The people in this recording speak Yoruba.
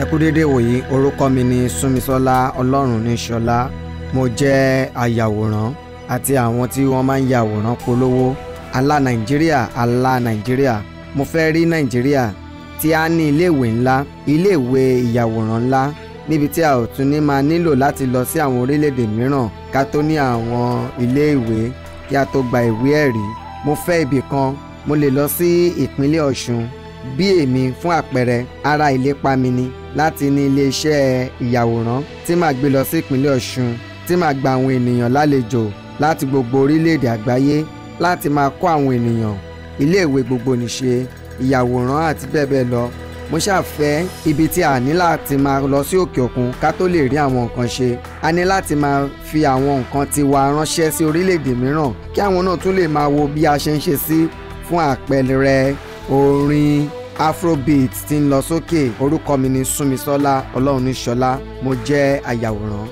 ẹ kú déédéé wòyí orúkọ mi ni súnmisọ́lá ọlọ́run ní ṣọlá mo jẹ́ ayàwòrán àti àwọn tí wọ́n máa ń yàwòrán polówó alá nàìjíríà alá nàìjíríà mo fẹ́ rí nàìjíríà tí a ní iléèwé ńlá iléèwé ìyàwòrán ńlá níbi tí a ò tún ní máa nílò láti lọ sí àwọn orílẹ̀-èdè mìíràn ká tó ní àwọn iléèwé kí a tó gba ìwé ẹ̀rí mo fẹ́ ibì kan mo lè lọ sí ìpínlẹ̀ ọ̀ṣun bí èmi fún àpẹẹrẹ ara ìlépa mi ni láti ní iléeṣẹ́ ìyàwòrán tí màá gbé lọ sí ìpínlẹ̀ Ọ̀ṣun tí màá gba àwọn ènìyàn lálejò láti gbogbo orílẹ̀-èdè àgbáyé láti máa kọ́ àwọn ènìyàn iléèwé gbogbo nìṣe ìyàwòrán àti bẹ́ẹ̀ bẹ́ẹ̀ lọ mo ṣàfẹ́ ibi tí a ní láti máa lọ sí òkè òkun ká tó lè rí àwọn nǹkan ṣe a ní láti máa fi àwọn nǹkan tiwa ránṣẹ́ sí orílẹ̀-èdè mìíràn kí àwọn náà tún lè máa wo bí a ṣe ń ṣe sí fún àpẹẹrẹ orin afrobeat ti ń lọ sókè orúkọ mi ni súnmisọ́lá ọlọ́runníṣọlá mo jẹ́ ayàwòrán